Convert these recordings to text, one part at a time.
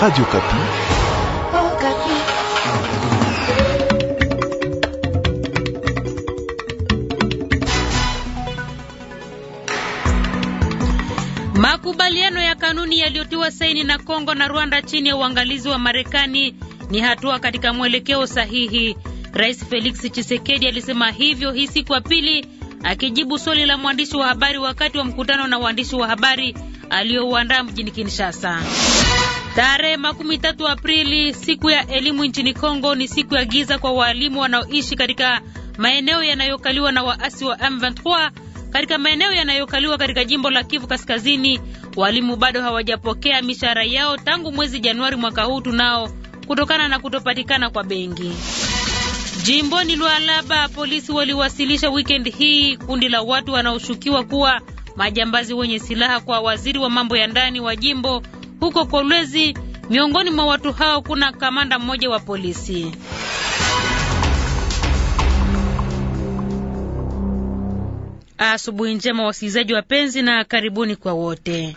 Radio Kapi. Oh, Kapi. Makubaliano ya kanuni yaliyotiwa saini na Kongo na Rwanda chini ya uangalizi wa Marekani ni hatua katika mwelekeo sahihi. Rais Felix Tshisekedi alisema hivyo hii siku ya pili akijibu swali la mwandishi wa habari wakati wa mkutano na waandishi wa habari aliyouandaa mjini Kinshasa. Tarehe makumi tatu Aprili, siku ya elimu nchini Kongo, ni siku ya giza kwa waalimu wanaoishi katika maeneo yanayokaliwa na waasi wa M23 katika maeneo yanayokaliwa katika jimbo la Kivu Kaskazini. Waalimu bado hawajapokea mishahara yao tangu mwezi Januari mwaka huu tunao kutokana na kutopatikana kwa benki. Jimboni Lualaba, polisi waliwasilisha weekend hii kundi la watu wanaoshukiwa kuwa majambazi wenye silaha kwa waziri wa mambo ya ndani wa jimbo huko Kolwezi. Miongoni mwa watu hao kuna kamanda mmoja wa polisi. Asubuhi njema wasikilizaji wapenzi, na karibuni kwa wote.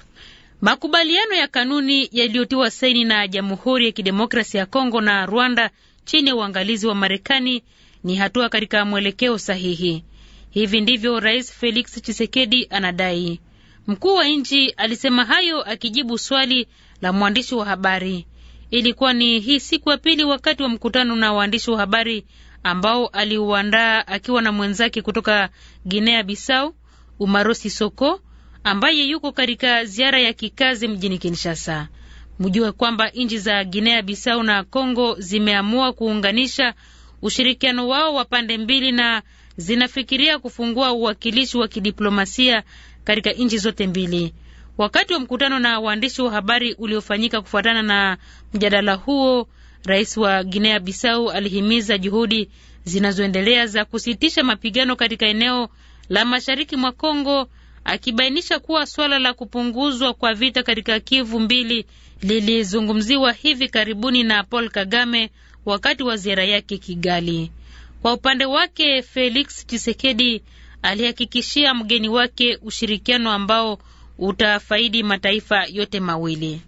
Makubaliano ya kanuni yaliyotiwa saini na Jamhuri ya Kidemokrasia ya Kongo na Rwanda chini ya uangalizi wa Marekani ni hatua katika mwelekeo sahihi. Hivi ndivyo Rais Felix Tshisekedi anadai. Mkuu wa nchi alisema hayo akijibu swali la mwandishi wa habari. Ilikuwa ni hii siku ya pili wakati wa mkutano na waandishi wa habari ambao aliuandaa akiwa na mwenzake kutoka Guinea Bissau, Umarosi Soko, ambaye yuko katika ziara ya kikazi mjini Kinshasa. Mjue kwamba nchi za Guinea Bissau na Congo zimeamua kuunganisha ushirikiano wao wa pande mbili na zinafikiria kufungua uwakilishi wa kidiplomasia katika nchi zote mbili. Wakati wa mkutano na waandishi wa habari uliofanyika kufuatana na mjadala huo, rais wa Guinea Bissau alihimiza juhudi zinazoendelea za kusitisha mapigano katika eneo la mashariki mwa Kongo, akibainisha kuwa swala la kupunguzwa kwa vita katika Kivu mbili lilizungumziwa hivi karibuni na Paul Kagame, wakati wa ziara yake Kigali. Kwa upande wake, Felix Tshisekedi alihakikishia mgeni wake ushirikiano ambao utafaidi mataifa yote mawili.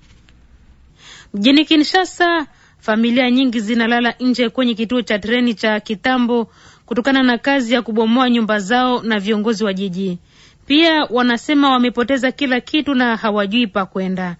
Mjini Kinshasa, familia nyingi zinalala nje kwenye kituo cha treni cha Kitambo kutokana na kazi ya kubomoa nyumba zao na viongozi wa jiji. Pia wanasema wamepoteza kila kitu na hawajui pa kwenda.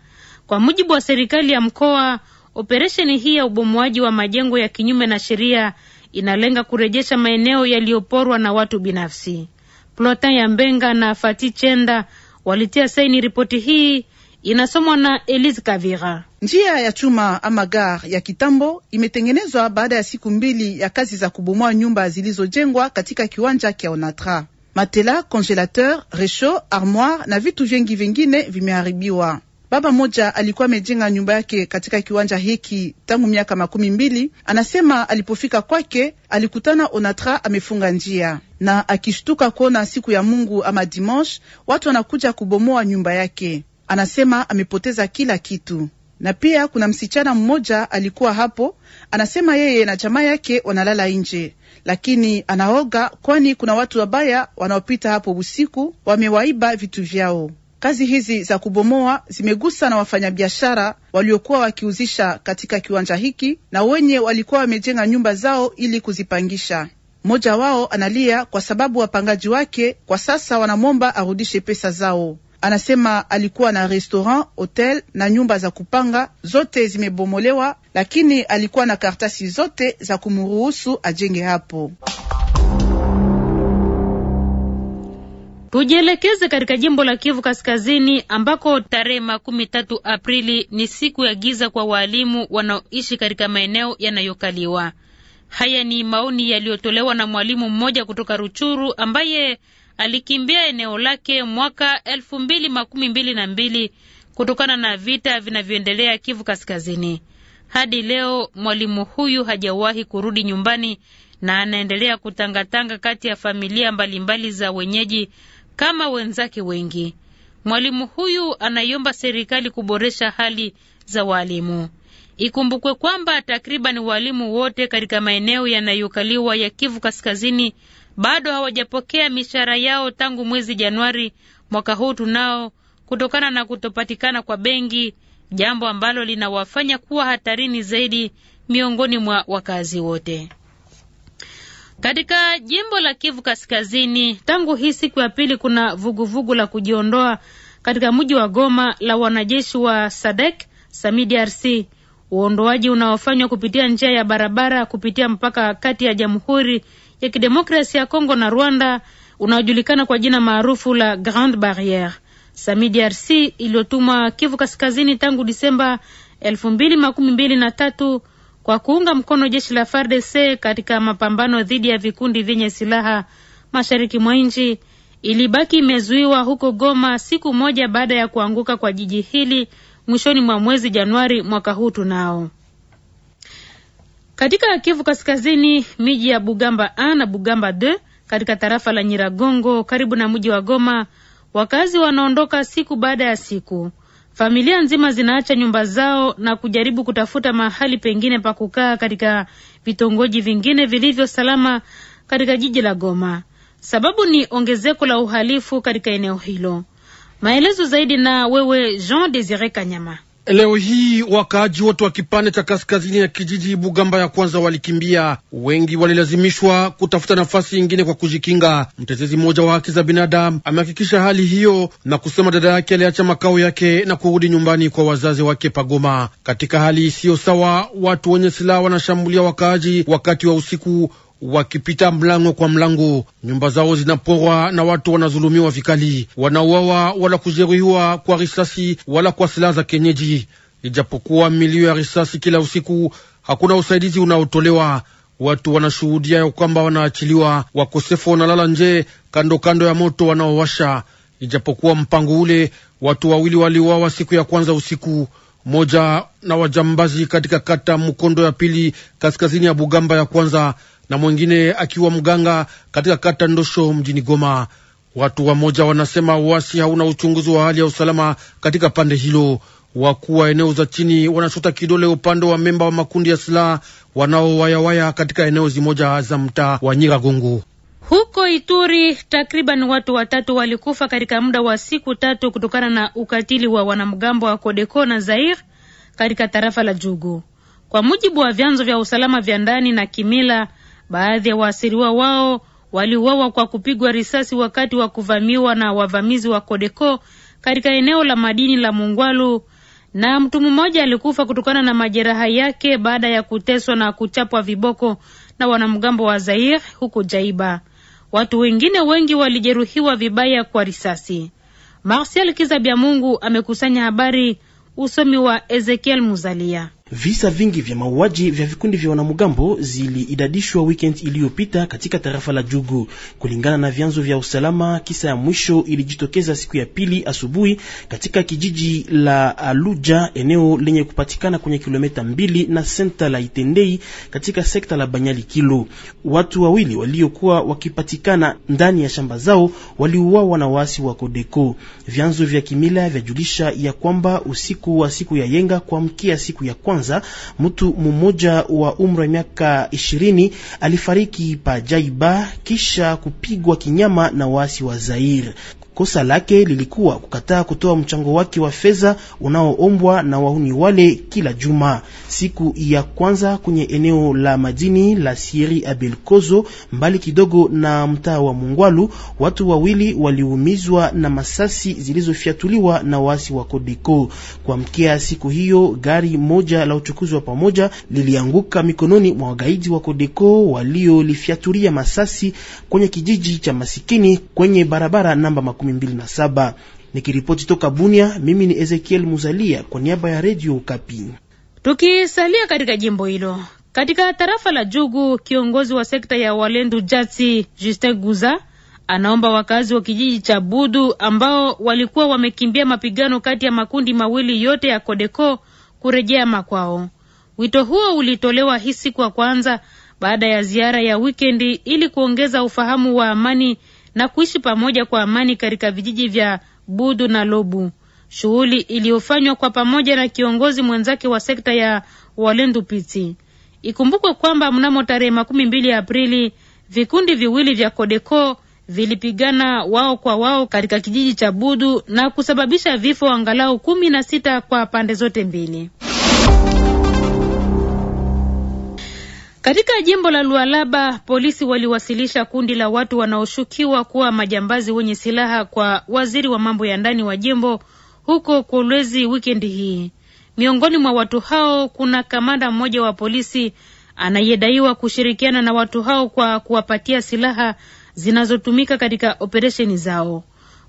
Kwa mujibu wa serikali ya mkoa, Operesheni hii ya ubomoaji wa majengo ya kinyume na sheria inalenga kurejesha maeneo yaliyoporwa na watu binafsi. Plotin ya Mbenga na Fati Chenda walitia saini ripoti hii. Inasomwa na Elise Kavira. Njia ya chuma ama gar ya kitambo imetengenezwa baada ya siku mbili ya kazi za kubomoa nyumba zilizojengwa katika kiwanja kya Onatra. Matela, congelateur, recho, armoire na vitu vingi vingine vimeharibiwa. Baba mmoja alikuwa amejenga nyumba yake katika kiwanja hiki tangu miaka makumi mbili. Anasema alipofika kwake alikutana Onatra amefunga njia na akishtuka kuona siku ya Mungu ama dimanche watu wanakuja kubomoa nyumba yake. Anasema amepoteza kila kitu na pia kuna msichana mmoja alikuwa hapo, anasema yeye na jamaa yake wanalala nje, lakini anaoga, kwani kuna watu wabaya wanaopita hapo usiku wamewaiba vitu vyao. Kazi hizi za kubomoa zimegusa na wafanyabiashara waliokuwa wakiuzisha katika kiwanja hiki na wenye walikuwa wamejenga nyumba zao ili kuzipangisha. Mmoja wao analia kwa sababu wapangaji wake kwa sasa wanamwomba arudishe pesa zao. Anasema alikuwa na restaurant, hotel na nyumba za kupanga zote zimebomolewa, lakini alikuwa na karatasi zote za kumruhusu ajenge hapo. Tujielekeze katika jimbo la Kivu Kaskazini ambako tarehe makumi tatu Aprili ni siku ya giza kwa waalimu wanaoishi katika maeneo yanayokaliwa. Haya ni maoni yaliyotolewa na mwalimu mmoja kutoka Ruchuru ambaye alikimbia eneo lake mwaka elfu mbili makumi mbili na mbili kutokana na vita vinavyoendelea Kivu Kaskazini. Hadi leo mwalimu huyu hajawahi kurudi nyumbani na anaendelea kutangatanga kati ya familia mbalimbali mbali za wenyeji kama wenzake wengi. Mwalimu huyu anaiomba serikali kuboresha hali za walimu. Ikumbukwe kwamba takriban walimu wote katika maeneo yanayokaliwa ya Kivu Kaskazini bado hawajapokea mishahara yao tangu mwezi Januari mwaka huu tunao, kutokana na kutopatikana kwa benki, jambo ambalo linawafanya kuwa hatarini zaidi miongoni mwa wakazi wote. Katika jimbo la Kivu Kaskazini, tangu hii siku ya pili kuna vuguvugu vugu la kujiondoa katika mji wa Goma la wanajeshi wa Sadek samidrc Uondoaji unaofanywa kupitia njia ya barabara kupitia mpaka kati ya Jamhuri ya Kidemokrasia ya Kongo na Rwanda unaojulikana kwa jina maarufu la grand Barriere. samidrc iliyotumwa Kivu Kaskazini tangu Disemba elfu mbili makumi mbili na tatu kwa kuunga mkono jeshi la FARDC katika mapambano dhidi ya vikundi vyenye silaha mashariki mwa nchi ilibaki imezuiwa huko Goma siku moja baada ya kuanguka kwa jiji hili mwishoni mwa mwezi Januari mwaka huu. Tunao katika Kivu Kaskazini miji ya Bugamba A na Bugamba D katika tarafa la Nyiragongo karibu na mji wa Goma, wakazi wanaondoka siku baada ya siku. Familia nzima zinaacha nyumba zao na kujaribu kutafuta mahali pengine pa kukaa katika vitongoji vingine vilivyo salama katika jiji la Goma. Sababu ni ongezeko la uhalifu katika eneo hilo. Maelezo zaidi na wewe Jean Desire Kanyama. Leo hii wakaaji wote wa kipande cha kaskazini ya kijiji Bugamba ya kwanza walikimbia. Wengi walilazimishwa kutafuta nafasi ingine kwa kujikinga. Mtetezi mmoja wa haki za binadamu amehakikisha hali hiyo na kusema dada yake aliacha makao yake na kurudi nyumbani kwa wazazi wake Pagoma. Katika hali isiyo sawa, watu wenye silaha wanashambulia wakaaji wakati wa usiku wakipita mlango kwa mlango. Nyumba zao zinaporwa na watu wanazulumiwa vikali, wanauawa wala kujeruhiwa kwa risasi wala kwa silaha za kienyeji. Ijapokuwa milio ya risasi kila usiku, hakuna usaidizi unaotolewa. Watu wanashuhudia ya kwamba wanaachiliwa, wakosefu wanalala nje kando kando ya moto wanaowasha. Ijapokuwa mpango ule, watu wawili waliuawa siku ya kwanza usiku, moja na wajambazi katika kata Mkondo ya pili kaskazini ya Bugamba ya kwanza na mwingine akiwa mganga katika kata Ndosho mjini Goma. Watu wa moja wanasema uasi hauna uchunguzi wa hali ya usalama katika pande hilo. Wakuu wa eneo za chini wanashota kidole upande wa memba wa makundi ya silaha wanaowayawaya katika eneo zimoja za mtaa wa Nyiragongo. Huko Ituri takriban watu watatu walikufa katika muda wa siku tatu kutokana na ukatili wa wanamgambo wa Kodeko na Zair katika tarafa la Jugu, kwa mujibu wa vyanzo vya usalama vya ndani na kimila Baadhi ya waasiriwa wao waliuawa kwa kupigwa risasi wakati wa kuvamiwa na wavamizi wa Kodeko katika eneo la madini la Mungwalu, na mtu mmoja alikufa kutokana na majeraha yake baada ya kuteswa na kuchapwa viboko na wanamgambo wa zair huko Jaiba. Watu wengine wengi walijeruhiwa vibaya kwa risasi. Marsial Kizabiamungu Mungu amekusanya habari, usomi wa Ezekiel Muzalia. Visa vingi vya mauaji vya vikundi vya wanamgambo ziliidadishwa weekend iliyopita katika tarafa la Jugu. Kulingana na vyanzo vya usalama, kisa ya mwisho ilijitokeza siku ya pili asubuhi katika kijiji la Aluja, eneo lenye kupatikana kwenye kilomita mbili na senta la Itendei katika sekta la Banyali Kilo. Watu wawili waliokuwa wakipatikana ndani ya shamba zao waliuawa na waasi wa Kodeko. Vyanzo vya kimila vyajulisha ya kwamba usiku wa siku ya yenga kuamkia siku ya kwanza kwanza, mtu mmoja wa umri wa miaka ishirini alifariki pa Jaiba kisha kupigwa kinyama na waasi wa zair Kosa lake lilikuwa kukataa kutoa mchango wake wa fedha unaoombwa na wahuni wale kila juma. Siku ya kwanza kwenye eneo la madini la Sieri Abelkozo, mbali kidogo na mtaa wa Mungwalu, watu wawili waliumizwa na masasi zilizofyatuliwa na waasi wa Kodeko. Kuamkia siku hiyo, gari moja la uchukuzi wa pamoja lilianguka mikononi mwa wagaidi wa Kodeko waliolifyaturia masasi kwenye kijiji cha masikini kwenye barabara namba saba. Nikiripoti toka Bunia, mimi ni Ezekiel Muzalia kwa niaba ya redio Ukapi. Tukisalia katika jimbo hilo katika tarafa la Jugu, kiongozi wa sekta ya Walendu Jatsi Justin Guza anaomba wakazi wa kijiji cha Budu ambao walikuwa wamekimbia mapigano kati ya makundi mawili yote ya Kodeko kurejea makwao. Wito huo ulitolewa hii siku ya kwanza baada ya ziara ya wikendi ili kuongeza ufahamu wa amani na kuishi pamoja kwa amani katika vijiji vya Budu na Lobu, shughuli iliyofanywa kwa pamoja na kiongozi mwenzake wa sekta ya Walendu Piti. Ikumbukwe kwamba mnamo tarehe makumi mbili Aprili vikundi viwili vya Kodeko vilipigana wao kwa wao katika kijiji cha Budu na kusababisha vifo angalau kumi na sita kwa pande zote mbili. Katika jimbo la Lualaba polisi waliwasilisha kundi la watu wanaoshukiwa kuwa majambazi wenye silaha kwa waziri wa mambo ya ndani wa jimbo huko Kolwezi wikendi hii. Miongoni mwa watu hao kuna kamanda mmoja wa polisi anayedaiwa kushirikiana na watu hao kwa kuwapatia silaha zinazotumika katika operesheni zao.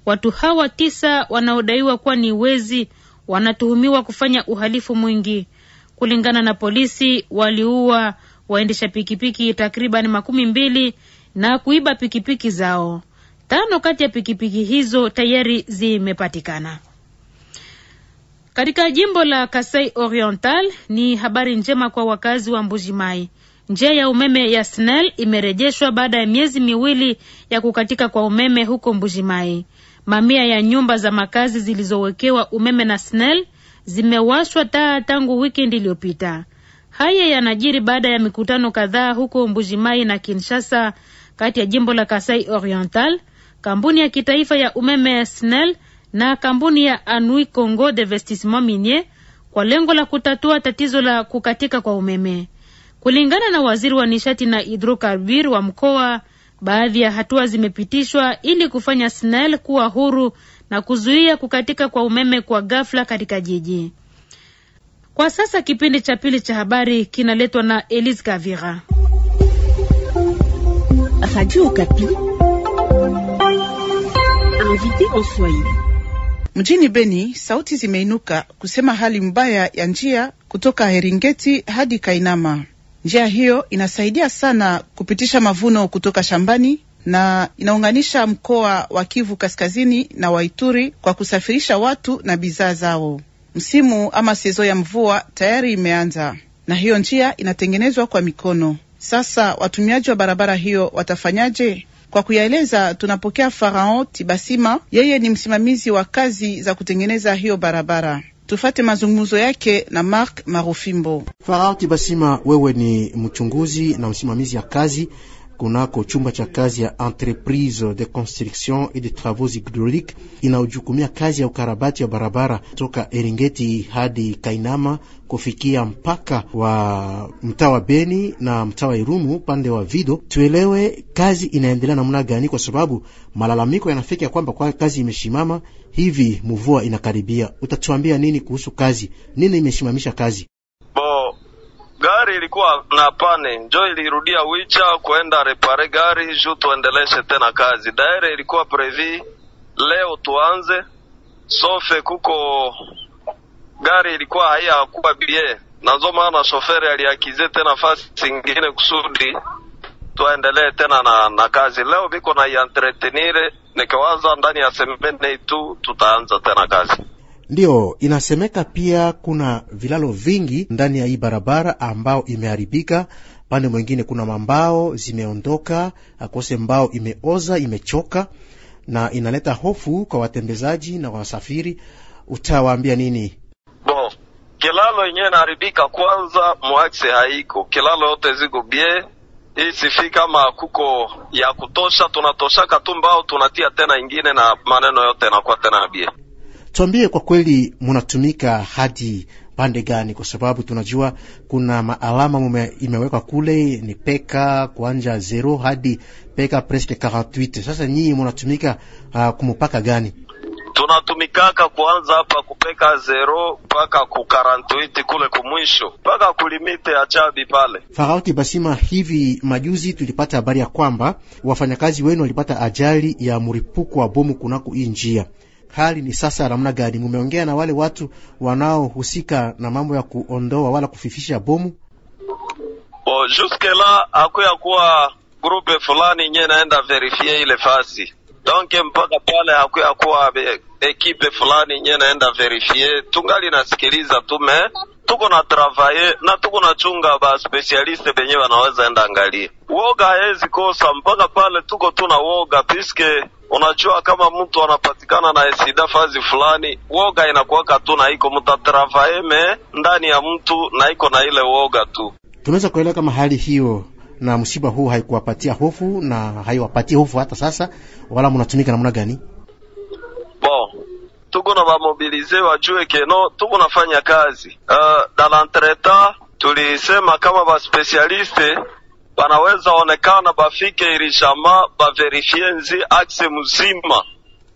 Watu hawa tisa wanaodaiwa kuwa ni wezi wanatuhumiwa kufanya uhalifu mwingi. Kulingana na polisi, waliua waendesha pikipiki takriban makumi mbili na kuiba pikipiki zao. Tano kati ya pikipiki hizo tayari zimepatikana. Katika jimbo la Kasai Oriental ni habari njema kwa wakazi wa Mbujimai. Njia ya umeme ya SNEL imerejeshwa baada ya miezi miwili ya kukatika kwa umeme huko Mbujimai. Mamia ya nyumba za makazi zilizowekewa umeme na SNEL zimewashwa taa tangu wikendi iliyopita. Haya yanajiri baada ya mikutano kadhaa huko Mbujimai na Kinshasa kati ya jimbo la Kasai Oriental, kampuni ya kitaifa ya umeme SNEL na kampuni ya Anui Congo Devestissement Minier kwa lengo la kutatua tatizo la kukatika kwa umeme. Kulingana na waziri wa nishati na hidrokarbir wa mkoa, baadhi ya hatua zimepitishwa ili kufanya SNEL kuwa huru na kuzuia kukatika kwa umeme kwa ghafla katika jiji. Kwa sasa kipindi cha pili cha habari kinaletwa na Elise Gavira. Mjini Beni sauti zimeinuka kusema hali mbaya ya njia kutoka Heringeti hadi Kainama. Njia hiyo inasaidia sana kupitisha mavuno kutoka shambani na inaunganisha mkoa wa Kivu Kaskazini na Waituri kwa kusafirisha watu na bidhaa zao. Msimu ama sezo ya mvua tayari imeanza na hiyo njia inatengenezwa kwa mikono. Sasa watumiaji wa barabara hiyo watafanyaje? Kwa kuyaeleza, tunapokea Faraon Tibasima, yeye ni msimamizi wa kazi za kutengeneza hiyo barabara. Tufate mazungumzo yake na Mark Marufimbo. Farao Tibasima, wewe ni mchunguzi na msimamizi ya kazi kunako chumba cha kazi ya entreprise de construction et de travaux Hydrauliques inayojukumia kazi ya ukarabati wa barabara toka Eringeti hadi Kainama kufikia mpaka wa mtaa wa Beni na mtaa wa Irumu pande wa Vido. Tuelewe kazi inaendelea namna gani, kwa sababu malalamiko yanafika ya kwamba kwa kazi imeshimama hivi, mvua inakaribia. Utatuambia nini kuhusu kazi? Nini imesimamisha kazi? gari ilikuwa na pane njo ilirudia wicha kuenda repare gari ju tuendeleshe tena kazi. Daire ilikuwa previ leo tuanze sofe, kuko gari ilikuwa kuwa bie nazo, maana shoferi aliakize tena fasi zingine kusudi tuendelee tena na, na kazi leo viko na ientretenire, nikiwaza ndani ya semene tu tutaanza tena kazi. Ndiyo, inasemeka pia kuna vilalo vingi ndani ya hii barabara ambao imeharibika. Pande mwingine kuna mambao zimeondoka, akose mbao imeoza imechoka, na inaleta hofu kwa watembezaji na wasafiri. Utawaambia nini? Bo, kilalo yenyewe inaharibika, kwanza mwaxe haiko, kilalo yote ziko bie hii sifi kama kuko ya kutosha, tunatoshaka tu mbao tunatia tena ingine na maneno yote nakuwa tena bie tuambie kwa kweli munatumika hadi pande gani? Kwa sababu tunajua kuna maalama imewekwa kule ni peka kuanja zero hadi peka presque 48. Sasa nyinyi munatumika uh, kumupaka gani? Tunatumikaka kuanza hapa kupeka zero mpaka ku 48 kule kumwisho mpaka kulimite ya chabi pale Farauti Basima. Hivi majuzi tulipata habari ya kwamba wafanyakazi wenu walipata ajali ya mripuko wa bomu kunako hii njia hali ni sasa ya namna gani? Mumeongea na wale watu wanaohusika na mambo ya kuondoa wala kufifisha bomu? Bo, juske la hakuya kuwa grupe fulani nye naenda verifie ile fasi donke, mpaka pale hakuya kuwa ekipe fulani nye naenda verifie. Tungali nasikiliza tume tuko na travaye na tuko na chunga ba specialiste benye wanaweza enda angalia. Woga hezi kosa mpaka pale tuko tuna woga piske Unajua, kama mtu anapatikana na sida fazi fulani, woga inakuwaka tu na iko mutatravaeme ndani ya mtu na iko na ile woga tu. Tunaweza kuelewa kama hali hiyo na msiba huu haikuwapatia hofu na haiwapatie hofu hata sasa, wala mnatumika namna gani? Bon, tuko na bamobilize wajue keno tuko nafanya kazi uh, eh, dalantreta tulisema kama baspesialiste banaweza onekana bafike irishama baverifie nzi akse mzima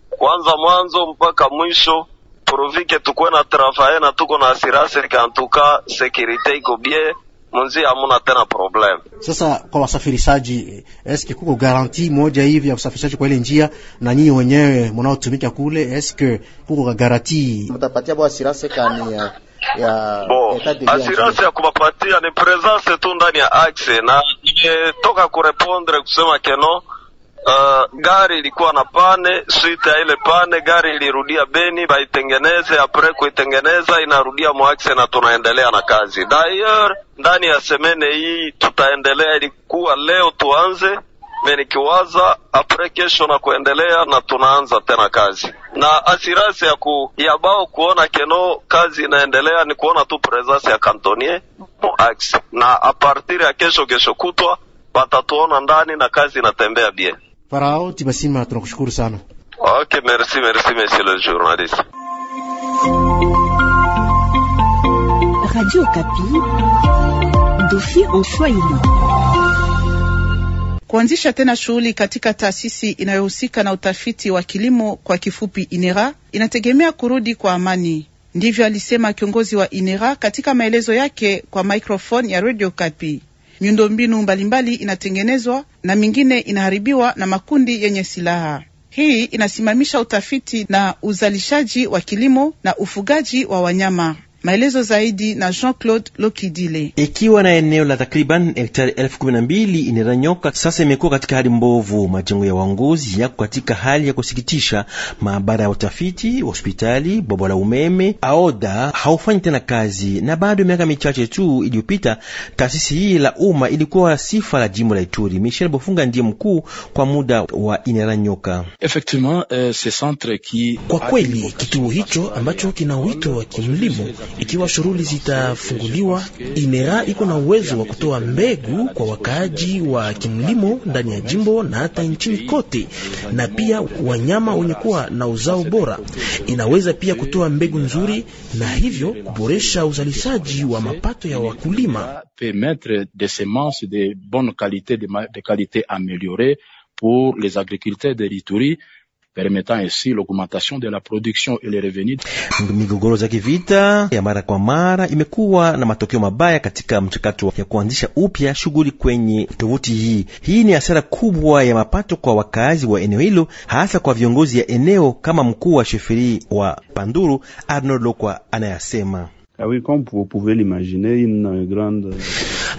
kwanza mwanzo mpaka mwisho provike tukwe na travaye na tuko na asirase kantuka sekirite iko bie munzi hamuna tena problem. Sasa kwa wasafirishaji, eske kuko garanti moja hivi ya usafirishaji kwa ile njia, na nyinyi wenyewe mnaotumika kule, eske kuko garanti mtapatia bwa asirase kani ya ya bon, ya kubapatia ni presence tu ndani ya axe, na imetoka kurepondre kusema keno Uh, gari ilikuwa na pane swite ya ile pane, gari ilirudia Beni baitengeneze. Apres kuitengeneza inarudia Mwaxe na tunaendelea na kazi. dayeur ndani ya semene hii tutaendelea, ilikuwa leo tuanze menikiwaza apre kesho na kuendelea, na tunaanza tena kazi na asirasi ya, ku, ya bao kuona keno kazi inaendelea ni kuona tu presence ya kantonie na apartir ya kesho kesho kutwa batatuona ndani na kazi inatembea bien. Farao Tibasima, tunakushukuru sana. ok merci, merci, monsieur le journaliste. Radio Kapi, dossier en kuanzisha tena shughuli katika taasisi inayohusika na utafiti wa kilimo kwa kifupi INERA inategemea kurudi kwa amani. Ndivyo alisema kiongozi wa INERA katika maelezo yake kwa maikrofoni ya Radio Kapi. Miundombinu mbalimbali inatengenezwa na mingine inaharibiwa na makundi yenye silaha. Hii inasimamisha utafiti na uzalishaji wa kilimo na ufugaji wa wanyama. Maelezo zaidi na Jean Claude Lokidile. Ikiwa na eneo la takriban hektari elfu kumi na mbili inaranyoka sasa imekuwa katika hali mbovu. Majengo ya wangozi yako katika hali ya kusikitisha. Maabara ya utafiti, hospitali, bobo la umeme, aoda haufanyi tena kazi, na bado miaka michache tu iliyopita taasisi hii la umma ilikuwa sifa la jimbo la Ituri. Michel Bofunga ndiye mkuu kwa muda wa inaranyoka. Effectivement, eh, ce centre qui kwa kweli kituo hicho ambacho kina wito wa kimlimo ikiwa shughuli zitafunguliwa, Imera iko na uwezo wa kutoa mbegu kwa wakaaji wa kimlimo ndani ya jimbo na hata nchini kote, na pia wanyama wenye kuwa na uzao bora. Inaweza pia kutoa mbegu nzuri na hivyo kuboresha uzalishaji wa mapato ya wakulima. pour les agriculteurs de l'Ituri permettant ainsi l'augmentation de la production et les revenus. Migogoro za kivita ya mara kwa mara imekuwa na matokeo mabaya katika mchakato ya kuanzisha upya shughuli kwenye tovuti hii. Hii ni hasara kubwa ya mapato kwa wakazi wa eneo hilo, hasa kwa viongozi ya eneo kama mkuu wa sheferi wa Panduru Arnold Lokwa anayasema. Ah oui, comme vous pouvez l'imaginer, une grande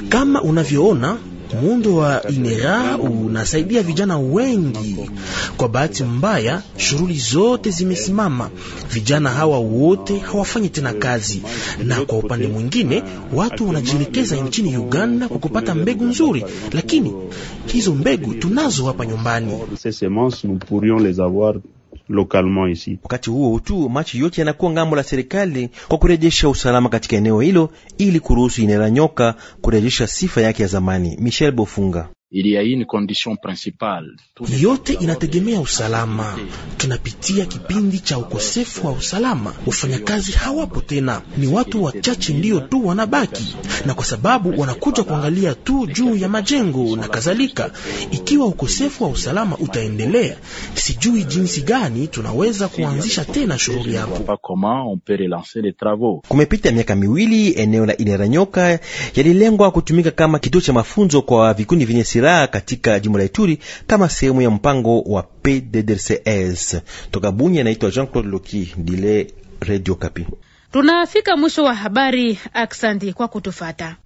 kama unavyoona muundo wa INERA unasaidia vijana wengi. Kwa bahati mbaya, shughuli zote zimesimama, vijana hawa wote hawafanyi tena kazi, na kwa upande mwingine watu wanajielekeza nchini Uganda kwa kupata mbegu nzuri, lakini hizo mbegu tunazo hapa nyumbani localement ici. Wakati huo tu machi yote yanakuwa ngambo la serikali kwa kurejesha usalama katika eneo hilo ili kuruhusu nyoka kurejesha sifa yake ya zamani. Michel Bofunga yote inategemea usalama. Tunapitia kipindi cha ukosefu wa usalama, wafanyakazi hawapo tena, ni watu wachache ndio tu wanabaki, na kwa sababu wanakuja kuangalia tu juu ya majengo na kadhalika. Ikiwa ukosefu wa usalama utaendelea, sijui jinsi gani tunaweza kuanzisha tena shughuli hapo. Kumepita miaka miwili, eneo la Ineranyoka yalilengwa kutumika kama kituo cha mafunzo kwa vikundi vyenye silaha katika jimbo la Ituri kama sehemu ya mpango wa PDDRCS. Toka Bunya anaitwa Jean-Claude Loki dile Radio Kapi. Tunafika mwisho wa habari. Aksandi kwa kutufata.